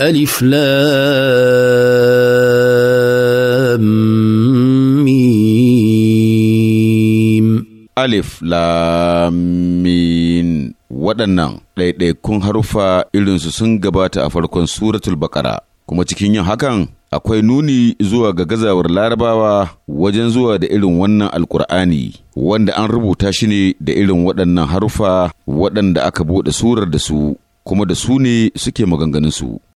ألف لام ميم ألف لام ميم waɗannan ɗaiɗaikun haruffa irinsu sun gabata a farkon suratul baƙara kuma cikin yin hakan akwai nuni zuwa ga gazawar larabawa wajen zuwa da irin wannan alkur'ani wanda an rubuta shi ne da irin waɗannan harufa waɗanda aka buɗe surar da su kuma da su ne suke maganganunsu